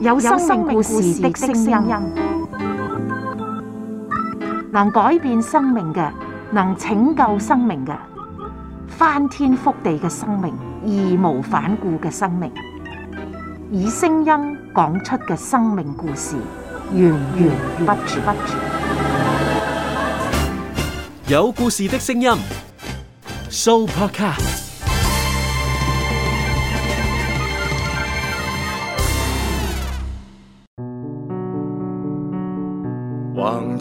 有生命故事的聲音，能改變生命嘅，能拯救生命嘅，翻天覆地嘅生命，義無反顧嘅生命，以聲音講出嘅生命故事，源源不絕。有故事的聲音，Soul Podcast。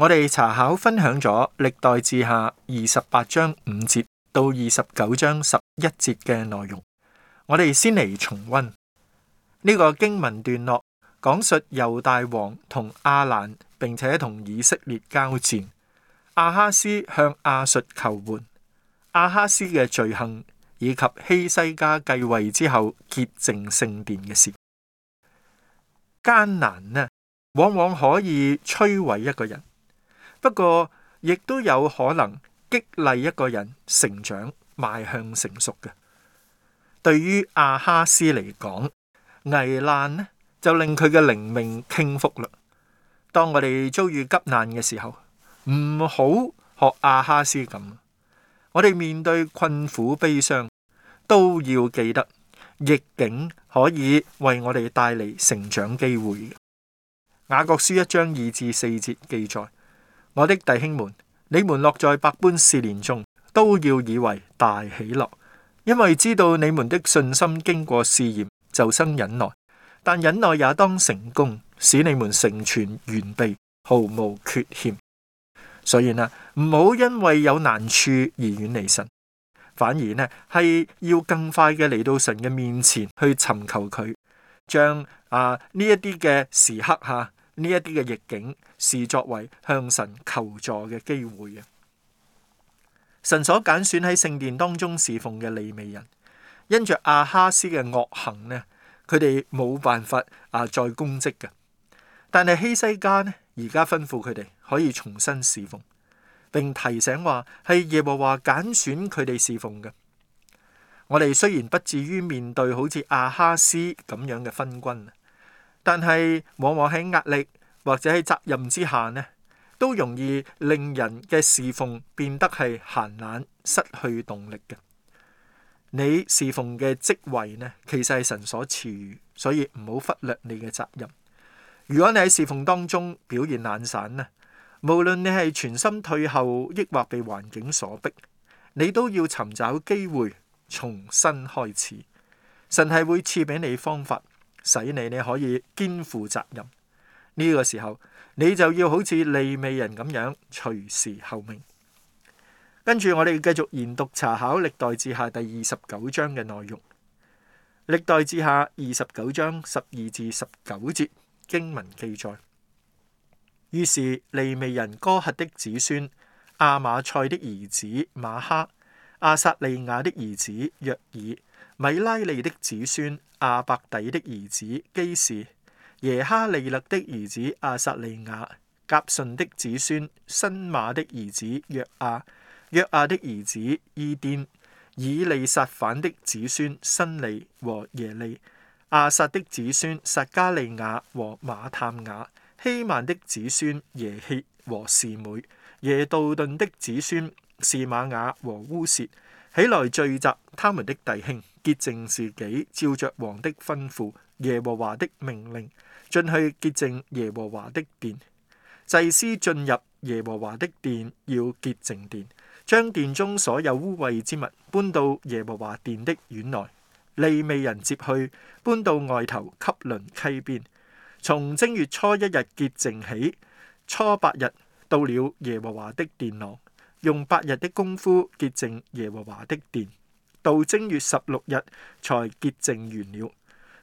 我哋查考分享咗歷代志下二十八章五節到二十九章十一節嘅內容，我哋先嚟重溫呢、這個經文段落，講述猶大王同亞蘭並且同以色列交戰，亞哈斯向亞述求援，亞哈斯嘅罪行以及希西家繼位之後潔淨聖殿嘅事。艱難呢，往往可以摧毀一個人。不過，亦都有可能激勵一個人成長，邁向成熟嘅。對於阿哈斯嚟講，危難呢就令佢嘅靈命傾覆啦。當我哋遭遇急難嘅時候，唔好學阿哈斯咁。我哋面對困苦、悲傷，都要記得逆境可以為我哋帶嚟成長機會。雅各書一章二至四節記載。我的弟兄們，你們落在百般試煉中，都要以為大喜樂，因為知道你們的信心經過試驗，就生忍耐。但忍耐也當成功，使你們成全完備，毫無缺欠。所以呢，唔好因為有難處而遠離神，反而呢係要更快嘅嚟到神嘅面前去尋求佢，將啊呢一啲嘅時刻吓，呢一啲嘅逆境。是作為向神求助嘅機會嘅。神所揀選喺聖殿當中侍奉嘅利未人,因着亞哈斯嘅惡行咧，佢哋冇辦法啊再供職嘅。但係希西家呢，而家吩咐佢哋可以重新侍奉，並提醒話係耶和華揀選佢哋侍奉嘅。我哋雖然不至於面對好似亞哈斯咁樣嘅昏君，但係往往喺壓力。或者喺責任之下呢，都容易令人嘅侍奉變得係閒懶，失去動力嘅。你侍奉嘅職位呢，其實係神所賜予，所以唔好忽略你嘅責任。如果你喺侍奉當中表現懶散呢，無論你係全心退後，抑或被環境所迫，你都要尋找機會重新開始。神係會賜俾你方法，使你你可以肩負責任。呢個時候，你就要好似利未人咁樣隨時候命。跟住我哋繼續研讀查考《歷代志下》第二十九章嘅內容，《歷代志下》二十九章十二至十九節經文記載：於是利未人哥轄的子孫亞馬賽的兒子馬哈、亞撒利亞的兒子約爾、米拉利的子孫亞伯底的兒子、的子基士。耶哈利勒的兒子阿撒利雅，甲順的子孫，申馬的兒子約亞，約亞的兒子伊甸，以利撒反的子孫申利和耶利，阿撒的子孫撒加利雅和馬探雅，希曼的子孫耶歇和示每，耶杜頓的子孫示瑪雅和烏涉，起來聚集他們的弟兄，潔淨自己，照着王的吩咐，耶和華的命令。進去潔淨耶和華的殿，祭司進入耶和華的殿要潔淨殿，將殿中所有污穢之物搬到耶和華殿的院內，利未人接去搬到外頭汲淪溪邊。從正月初一日潔淨起，初八日到了耶和華的殿廊，用八日的功夫潔淨耶和華的殿，到正月十六日才潔淨完了。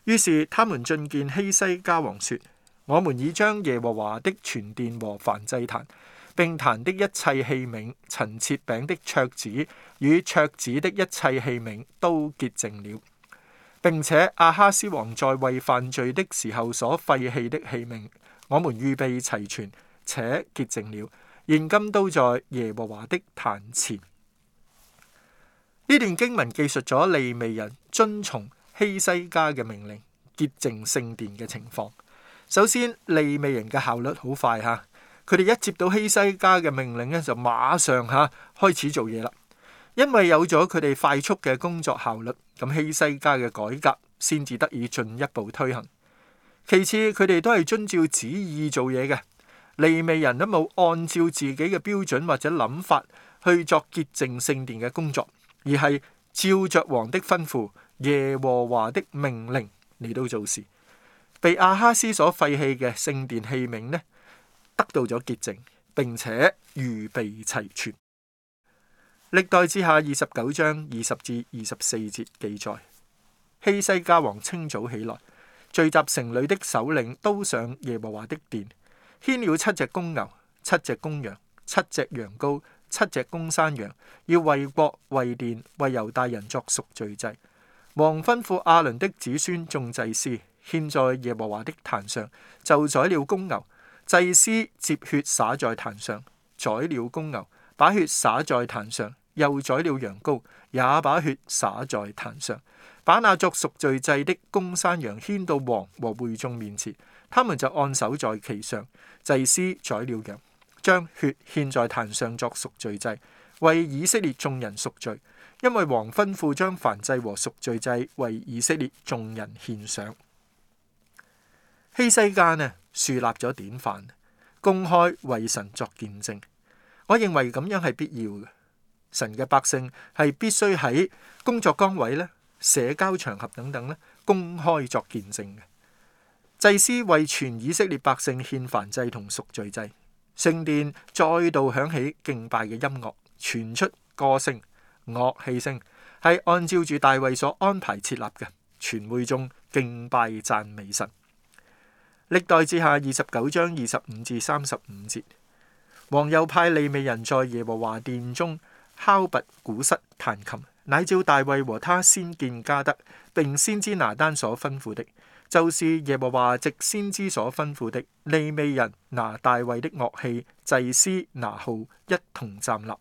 於是他們進見希西家王說：我們已將耶和華的全殿和燔祭壇，並壇的一切器皿、陳設餅的桌子與桌子的一切器皿都潔淨了，並且亞哈斯王在位犯罪的時候所廢棄的器皿，我們預備齊全且潔淨了，現今都在耶和華的壇前。呢段經文記述咗利未人遵從。希西家嘅命令潔淨聖殿嘅情況，首先利未人嘅效率好快吓，佢哋一接到希西家嘅命令咧，就馬上吓開始做嘢啦。因為有咗佢哋快速嘅工作效率，咁希西家嘅改革先至得以進一步推行。其次，佢哋都係遵照旨意做嘢嘅。利未人都冇按照自己嘅標準或者諗法去做潔淨聖殿嘅工作，而係照着王的吩咐。耶和華的命令嚟到做事，被亞哈斯所廢棄嘅聖殿器皿呢，得到咗潔淨，並且預備齊全。歷代志下二十九章二十至二十四節記載：希西家王清早起來，聚集城裏的首領，都上耶和華的殿，牽了七隻公牛、七隻公羊、七隻羊羔、七隻公山羊，要為國、為殿、為猶大人作贖罪祭。王吩咐阿倫的子孫眾祭司，獻在耶和華的壇上，就宰了公牛，祭司接血灑在壇上，宰了公牛，把血灑在壇上，又宰了羊羔，也把血灑在壇上，把那作贖罪祭的公山羊牽到王和會眾面前，他們就按手在其上，祭司宰了羊，將血獻在壇上作贖罪祭，為以色列眾人贖罪。因為王吩咐將燔祭和贖罪祭為以色列眾人獻上，希西家呢樹立咗典範，公開為神作見證。我認為咁樣係必要嘅，神嘅百姓係必須喺工作崗位咧、社交場合等等咧公開作見證。祭司為全以色列百姓獻燔祭同贖罪祭，聖殿再度響起敬拜嘅音樂，傳出歌聲。樂器聲係按照住大衛所安排設立嘅，全會眾敬拜讚美神。歷代志下二十九章二十五至三十五節，王又派利未人在耶和華殿中敲拔、鼓瑟、彈琴，乃照大衛和他先見加得，並先知拿單所吩咐的，就是耶和華藉先知所吩咐的。利未人拿大衛的樂器，祭司拿號，一同站立。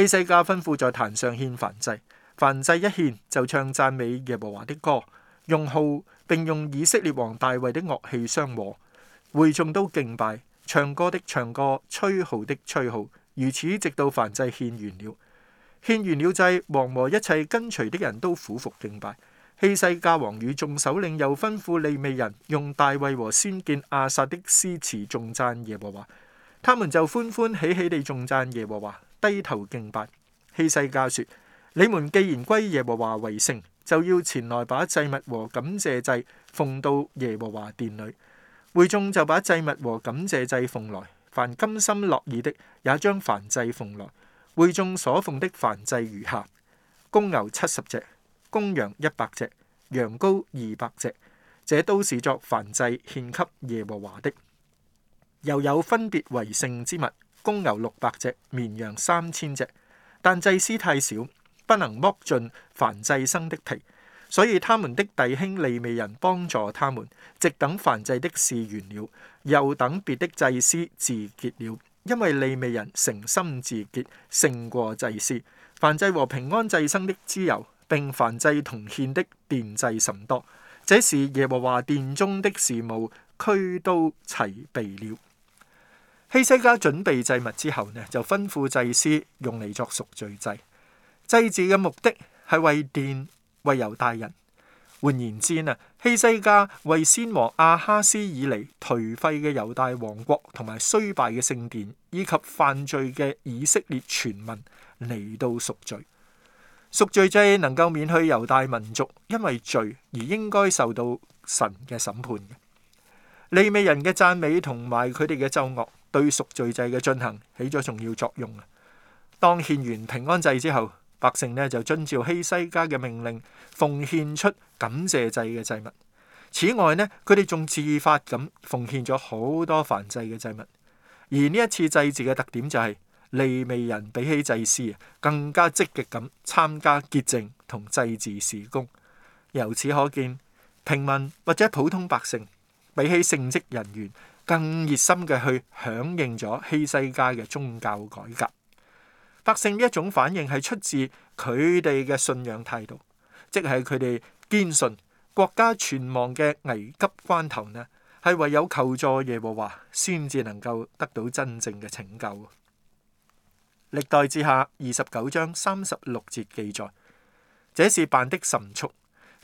希西家吩咐在壇上獻燔祭，燔祭一獻就唱讚美耶和華的歌，用號並用以色列王大衛的樂器相和，會眾都敬拜，唱歌的唱歌，吹號的吹號，如此直到燔祭獻完了。獻完了祭，王和一切跟隨的人都俯伏敬拜。希西家王與眾首領又吩咐利未人用大衛和先見亞薩的詩詞頌讚耶和華，他們就歡歡喜喜地頌讚耶和華。低頭敬拜，希西家說：你們既然歸耶和華為聖，就要前來把祭物和感謝祭奉到耶和華殿裏。會衆就把祭物和感謝祭奉來，凡甘心樂意的也將燔祭奉來。會衆所奉的燔祭如下：公牛七十隻，公羊一百隻，羊羔二百隻，這都是作燔祭獻給耶和華的。又有分別為聖之物。公牛六百隻，綿羊三千隻，但祭司太少，不能剝盡凡祭牲的皮，所以他們的弟兄利未人幫助他們，直等凡祭的事完了，又等別的祭司自結了，因為利未人誠心自結，勝過祭司。凡祭和平安祭牲的脂油並凡祭同獻的奠祭甚多，這時是耶和華殿中的事務，區都齊備了。希西家準備祭物之後呢，就吩咐祭司用嚟作贖罪祭。祭祀嘅目的係為殿、為猶大人。換言之啊，希西家為先王亞哈斯以嚟頹廢嘅猶大王國同埋衰敗嘅聖殿，以及犯罪嘅以色列全民嚟到贖罪。贖罪祭能夠免去猶大民族因為罪而應該受到神嘅審判嘅。利未人嘅讚美同埋佢哋嘅奏樂，對贖罪祭嘅進行起咗重要作用啊！當獻完平安祭之後，百姓呢就遵照希西家嘅命令，奉獻出感謝祭嘅祭物。此外呢，佢哋仲自發咁奉獻咗好多燔祭嘅祭物。而呢一次祭祀嘅特點就係、是、利未人比起祭司更加積極咁參加潔淨同祭祀時工。由此可見，平民或者普通百姓比起聖職人員。更熱心嘅去響應咗希西家嘅宗教改革，百姓呢一種反應係出自佢哋嘅信仰態度，即係佢哋堅信國家存亡嘅危急關頭呢，係唯有求助耶和華先至能夠得到真正嘅拯救。歷代志下二十九章三十六節記載，這事辦的甚速，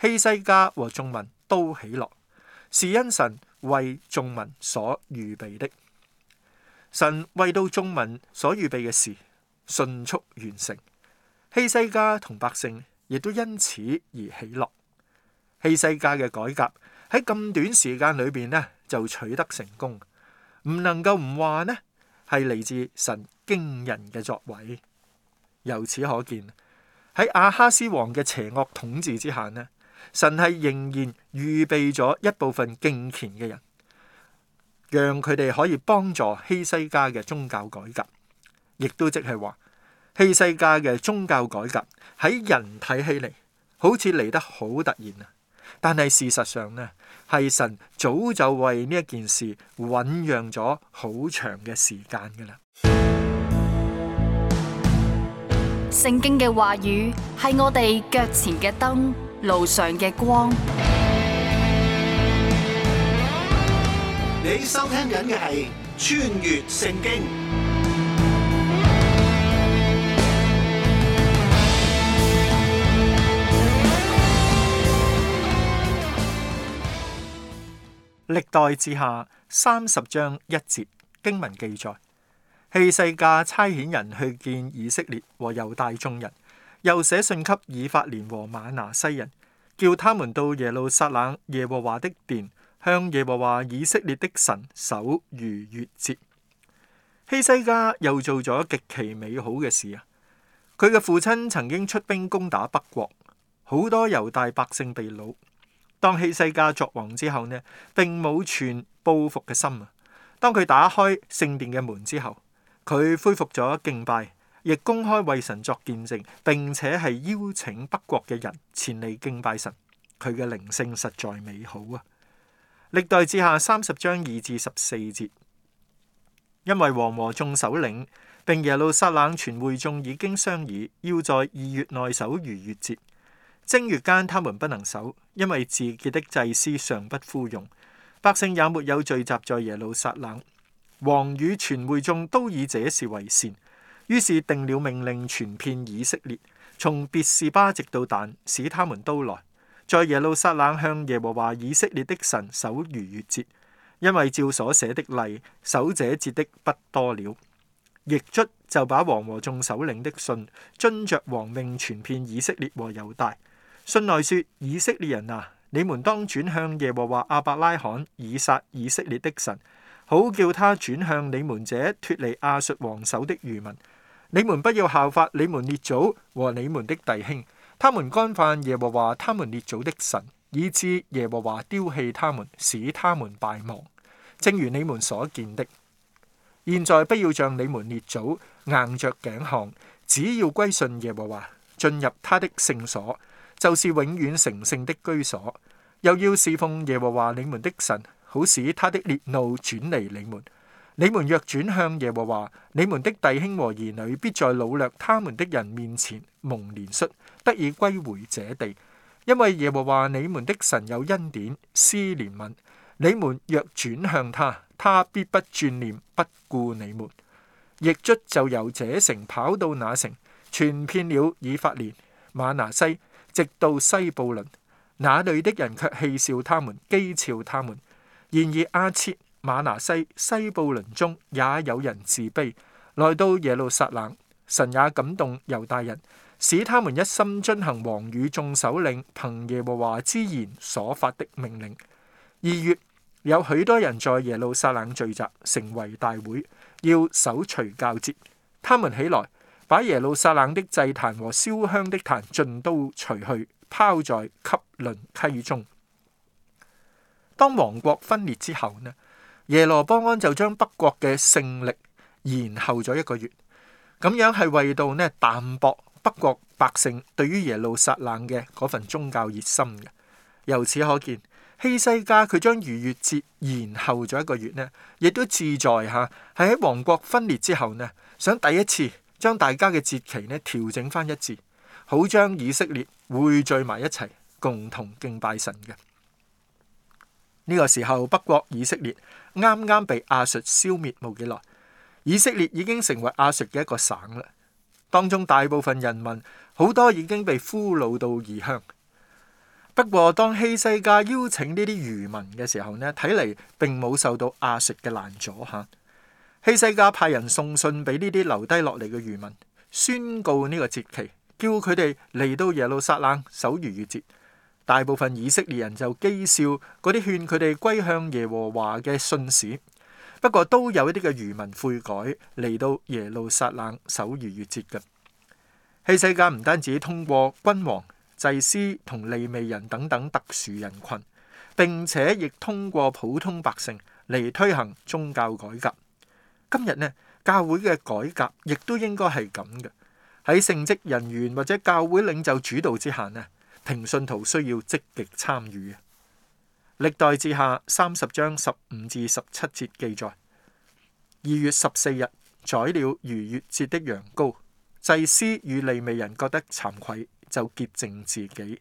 希西家和眾民都喜樂，是因神，為眾民所預備的，神為到眾民所預備嘅事，迅速完成，希西家同百姓亦都因此而喜樂。希西家嘅改革喺咁短時間裏邊呢，就取得成功，唔能夠唔話呢，係嚟自神驚人嘅作為。由此可見，喺亞哈斯王嘅邪惡統治之下呢，神係仍然預備咗一部分敬虔嘅人，讓佢哋可以幫助希西家嘅宗教改革，亦都即係話希西家嘅宗教改革喺人睇起嚟好似嚟得好突然啊！但係事實上呢係神早就為呢一件事醖釀咗好長嘅時間㗎啦。聖經嘅話語係我哋腳前嘅燈。路上嘅光，你收聽緊嘅係《穿越聖經》。歷代志下三十章一節經文記載：希西家差遣人去見以色列和猶大眾人。又寫信給以法蓮和瑪拿西人，叫他們到耶路撒冷耶和華的殿，向耶和華以色列的神守逾越節。希西家又做咗極其美好嘅事啊！佢嘅父親曾經出兵攻打北國，好多猶大百姓被擄。當希西家作王之後呢，並冇存報復嘅心啊！當佢打開聖殿嘅門之後，佢恢復咗敬拜。亦公開為神作見證，並且係邀請北國嘅人前嚟敬拜神。佢嘅靈性實在美好啊！歷代志下三十章二至十四節，因為王和眾首領並耶路撒冷全會眾已經商議，要在二月內守逾越節。正月間他們不能守，因為自潔的祭司尚不敷用，百姓也沒有聚集在耶路撒冷。王與全會眾都以這事為善。於是定了命令，傳遍以色列，從別是巴直到但，使他們都來在耶路撒冷向耶和華以色列的神守逾越節，因為照所寫的例守這節的不多了。驛卒就把王和眾首領的信遵着王命傳遍以色列和猶大，信內說：以色列人啊，你們當轉向耶和華亞伯拉罕、以撒、以色列的神，好叫他轉向你們這脫離亞述王手的餘民。你們不要效法你們列祖和你們的弟兄，他們干犯耶和華他們列祖的神，以致耶和華丟棄他們，使他們敗亡。正如你們所見的，現在不要像你們列祖硬着頸項，只要歸順耶和華，進入他的聖所，就是永遠成聖的居所。又要侍奉耶和華你們的神，好使他的烈怒轉離你們。你們若轉向耶和華，你們的弟兄和兒女必在擄掠他們的人面前蒙憐恤，得以歸回這地，因為耶和華你們的神有恩典、施憐憫。你們若轉向他，他必不轉念，不顧你們。驛卒就由這城跑到那城，傳遍了以法蓮、瑪拿西，直到西布倫，那裏的人卻戲笑他們，譏誚他們。然而亞設，馬拿西、西布倫中也有人自卑，來到耶路撒冷，神也感動猶大人，使他們一心遵行王與眾首領憑耶和華之言所發的命令。二月有許多人在耶路撒冷聚集，成為大會，要守除酵節。他們起來，把耶路撒冷的祭壇和燒香的壇盡都除去，拋在汲淪溪中。當王國分裂之後呢？耶羅波安就將北國嘅聖歷延後咗一個月，咁樣係為到咧淡薄北國百姓對於耶路撒冷嘅嗰份宗教熱心嘅。由此可見，希西家佢將逾越節延後咗一個月，呢亦都自在嚇係喺王國分裂之後，呢想第一次將大家嘅節期咧調整返一致，好將以色列匯聚埋一齊，共同敬拜神嘅。呢個時候，北國以色列。啱啱被亞述消滅冇幾耐，以色列已經成為亞述嘅一個省啦。當中大部分人民好多已經被俘虜到異鄉。不過當希西家邀請呢啲遺民嘅時候呢，睇嚟並冇受到亞述嘅攔阻嚇。希西家派人送信俾呢啲留低落嚟嘅遺民，宣告呢個節期，叫佢哋嚟到耶路撒冷守逾越節。大部分以色列人就譏笑嗰啲勸佢哋歸向耶和華嘅信使，不過都有一啲嘅漁民悔改，嚟到耶路撒冷守逾越節嘅。喺世界唔單止通過君王、祭司同利未人等等特殊人群，並且亦通過普通百姓嚟推行宗教改革。今日呢，教會嘅改革亦都應該係咁嘅，喺聖職人員或者教會領袖主導之下呢？平信徒需要積極參與嘅。歷代志下三十章十五至十七節記載：二月十四日宰了逾越節的羊羔，祭司與利未人覺得慚愧，就潔淨自己，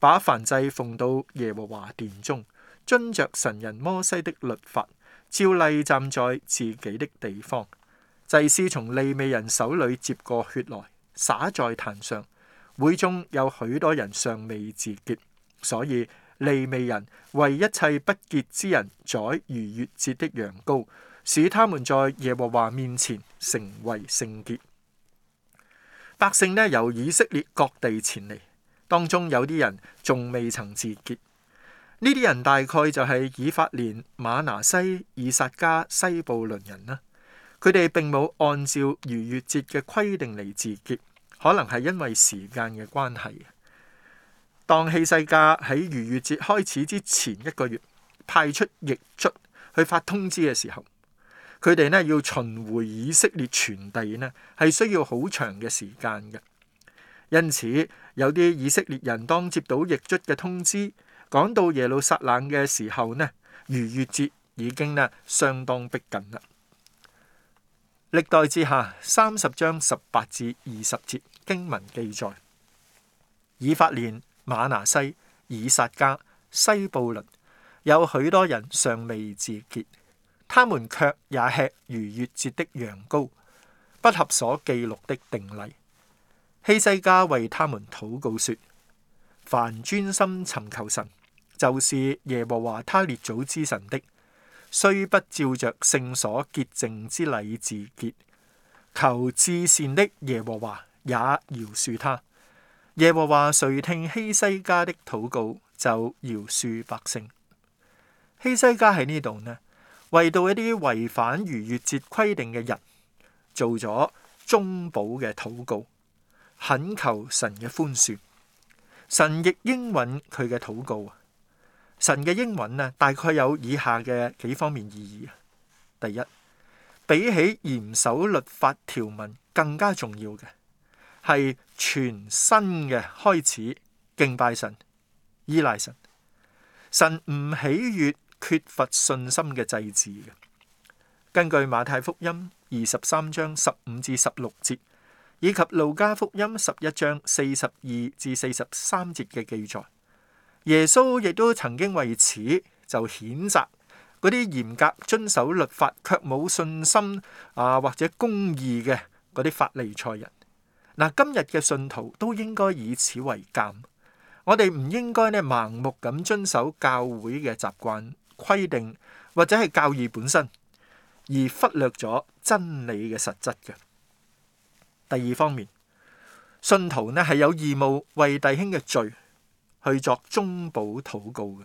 把燔祭奉到耶和華殿中，遵着神人摩西的律法，照例站在自己的地方。祭司從利未人手裏接過血來，灑在壇上。會中有許多人尚未自潔，所以利未人為一切不潔之人宰逾越節的羊羔，使他們在耶和華面前成為聖潔。百姓呢由以色列各地前嚟，當中有啲人仲未曾自潔，呢啲人大概就係以法蓮、馬拿西、以薩迦、西布倫人啦。佢哋並冇按照逾越節嘅規定嚟自潔。可能係因為時間嘅關係，當希西家喺逾越節開始之前一個月派出驛卒去發通知嘅時候，佢哋咧要巡迴以色列全地咧，係需要好長嘅時間㗎。因此，有啲以色列人當接到驛卒嘅通知，趕到耶路撒冷嘅時候咧，逾越節已經咧相當逼近啦。歷代志下，三十章十八至二十節經文記載：以法蓮、瑪拿西、以薩迦、西布倫，有許多人尚未自潔，他們卻也吃逾越節的羊羔，不合所記錄的定例。希西家為他們禱告說：凡專心尋求神，就是耶和華他列祖之神的。雖不照着聖所潔淨之禮自潔，求至善的耶和華也饒恕他。耶和華垂聽希西家的禱告，就饒恕百姓。希西家喺呢度呢，為到一啲違反逾越節規定嘅人做咗中保嘅禱告，懇求神嘅寬恕，神亦應允佢嘅禱告。神嘅應允呢，大概有以下嘅幾方面意義。第一，比起嚴守律法條文，更加重要嘅，係全新嘅開始，敬拜神、依賴神。神唔喜悅缺乏信心嘅祭祀嘅。根據馬太福音二十三章十五至十六節，以及路加福音十一章四十二至四十三節嘅記載。耶穌亦都曾經為此就譴責嗰啲嚴格遵守律法卻冇信心啊，或者公義嘅嗰啲法利賽人。嗱，今日嘅信徒都應該以此為鑑，我哋唔應該咧盲目咁遵守教會嘅習慣規定或者係教義本身，而忽略咗真理嘅實質嘅。第二方面，信徒咧係有義務為弟兄嘅罪去作中保禱告嘅，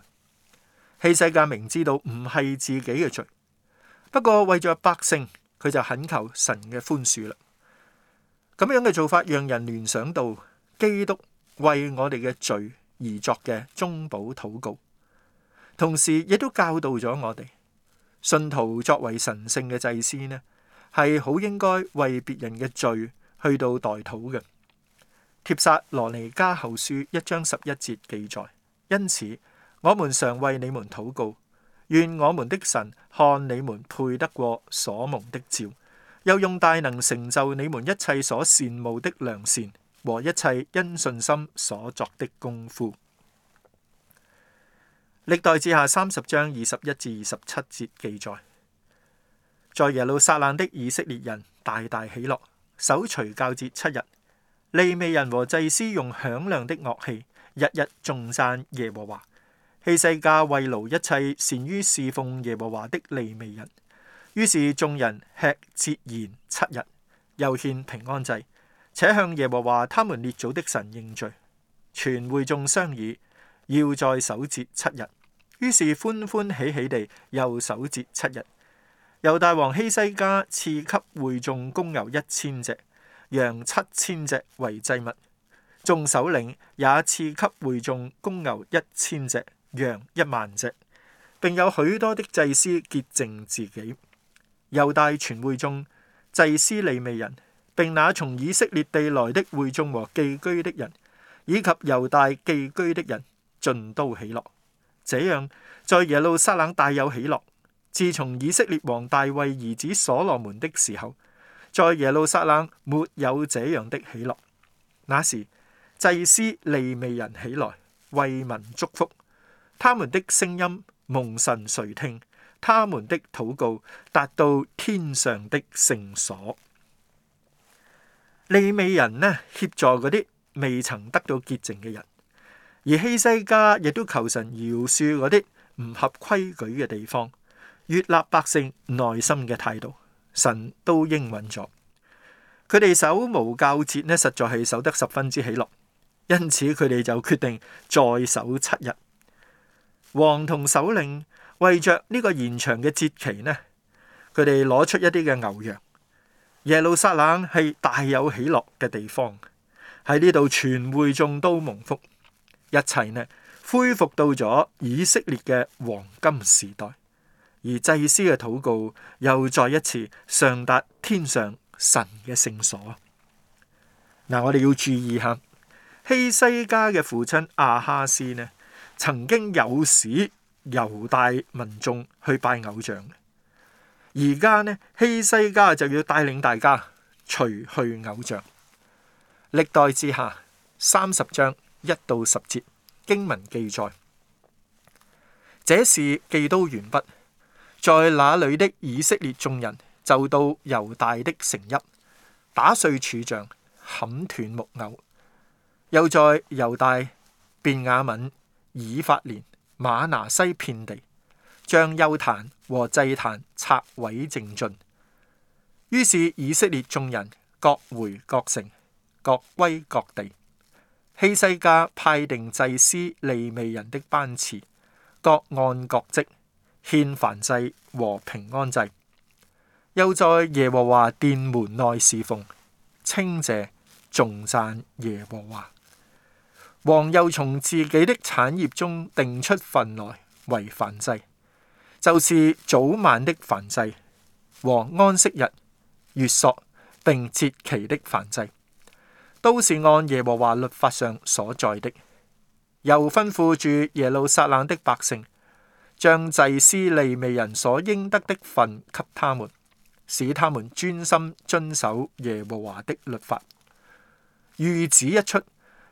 希西家明知道唔係自己嘅罪，不過為咗百姓，佢就懇求神嘅寬恕啦。咁樣嘅做法，讓人聯想到基督為我哋嘅罪而作嘅中保禱告，同時亦都教導咗我哋，信徒作為神聖嘅祭司呢，係好應該為別人嘅罪去到代禱嘅。帖撒羅尼加後書一章十一節記載，因此我們常為你們禱告，願我們的神看你們配得過所蒙的召，又用大能成就你們一切所羨慕的良善和一切因信心所作的功夫。歷代志下三十章二十一至二十七節記載，在耶路撒冷的以色列人大大喜樂，守除酵節七日。利未人和祭司用響亮的樂器，日日頌讚耶和華。希西家慰勞一切善於侍奉耶和華的利未人，於是眾人吃節筵七日，又獻平安祭，且向耶和華他們列祖的神認罪。全會眾商議，要再守節七日，於是歡歡喜喜地又守節七日。猶大王希西家賜給會眾公牛一千隻。羊七千隻為祭物，眾首領也賜給會眾公牛一千隻，羊一萬隻，並有許多的祭司潔淨自己。猶大全會眾、祭司利未人，並那從以色列地來的會眾和寄居的人，以及猶大寄居的人，盡都喜樂。這樣，在耶路撒冷大有喜樂，自從以色列王大衛兒子所羅門的時候。在耶路撒冷沒有這樣的喜樂。那時，祭司利未人起來為民祝福，他們的聲音蒙神垂聽，他們的禱告達到天上的聖所。利未人呢協助嗰啲未曾得到潔淨嘅人，而希西家亦都求神饒恕嗰啲唔合規矩嘅地方，悅納百姓內心嘅態度。神都應允咗，佢哋守無教節呢，實在係守得十分之喜樂，因此佢哋就決定再守七日。王同首領為着呢個延長嘅節期呢，佢哋攞出一啲嘅牛羊。耶路撒冷係大有喜樂嘅地方，喺呢度全會眾都蒙福，一切呢恢復到咗以色列嘅黃金時代。而祭司嘅禱告又再一次上達天上神嘅聖所。嗱，我哋要注意下，希西家嘅父親亞哈斯呢，曾經有使猶大民眾去拜偶像。而家呢，希西家就要帶領大家除去偶像。歷代志下三十章一到十節經文記載，這事記都完畢。在那裡的以色列眾人就到猶大的城邑，打碎柱像，砍斷木偶。又在猶大、便雅憫、以法蓮、瑪拿西遍地，將邱壇和祭壇拆毀淨盡。於是以色列眾人各回各城，各歸各地。希西家派定祭司利未人的班次，各按各職。獻燔祭和平安祭，又在耶和華殿門內侍奉，稱謝，頌讚耶和華。王又從自己的產業中定出份來為燔祭，就是早晚的燔祭和安息日、月朔並節期的燔祭，都是按耶和華律法上所載的。又吩咐住耶路撒冷的百姓。將祭司、利未人所應得的份給他們，使他們專心遵守耶和華的律法。諭旨一出，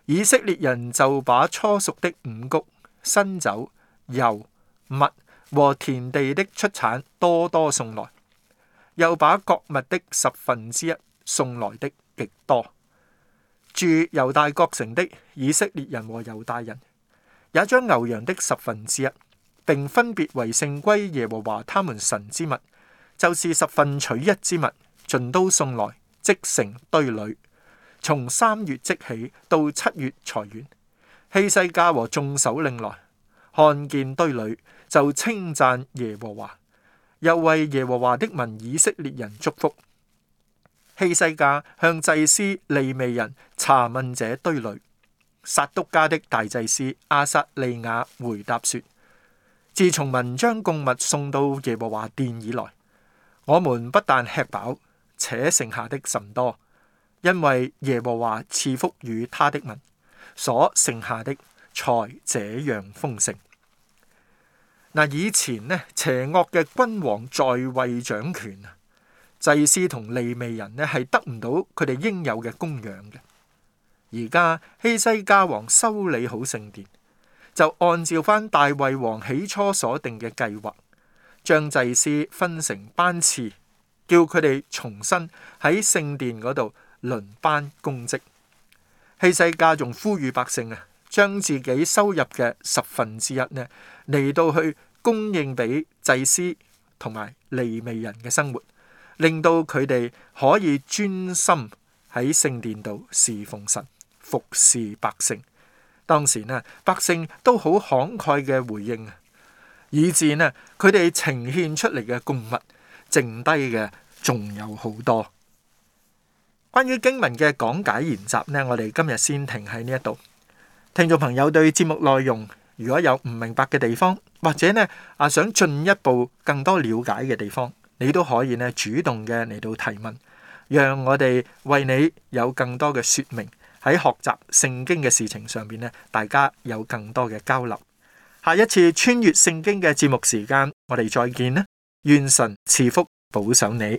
以色列人就把初熟的五穀、新酒、油、蜜和田地的出產多多送來，又把各物的十分之一送來的極多。住猶大國城的以色列人和猶大人，也將牛羊的十分之一。並分別為聖歸耶和華他們神之物，就是十分取一之物，盡都送來，積成堆壘。從三月積起到七月才完。希西家和眾首領來看見堆壘，就稱讚耶和華，又為耶和華的民以色列人祝福。希西家向祭司利未人查問這堆壘，撒督家的大祭司阿撒利雅回答說。自從民將供物送到耶和華殿以來，我們不但吃飽，且剩下的甚多，因為耶和華賜福與他的民，所剩下的才這樣豐盛。那以前呢，邪惡嘅君王在位掌權啊，祭司同利未人呢係得唔到佢哋應有嘅供養嘅。而家希西家王修理好聖殿。就按照翻大衛王起初所定嘅計劃，將祭司分成班次，叫佢哋重新喺聖殿嗰度輪班供職。希西家仲呼籲百姓啊，將自己收入嘅十分之一呢嚟到去供應俾祭司同埋利未人嘅生活，令到佢哋可以專心喺聖殿度侍奉神、服侍百姓。當時呢，百姓都好慷慨嘅回應，以至呢佢哋呈現出嚟嘅供物，剩低嘅仲有好多。關於經文嘅講解研習呢，我哋今日先停喺呢一度。聽眾朋友對節目內容如果有唔明白嘅地方，或者呢啊想進一步更多了解嘅地方，你都可以呢主動嘅嚟到提問，讓我哋為你有更多嘅説明。喺學習聖經嘅事情上邊咧，大家有更多嘅交流。下一次穿越聖經嘅節目時間，我哋再見啦！願神賜福保守你。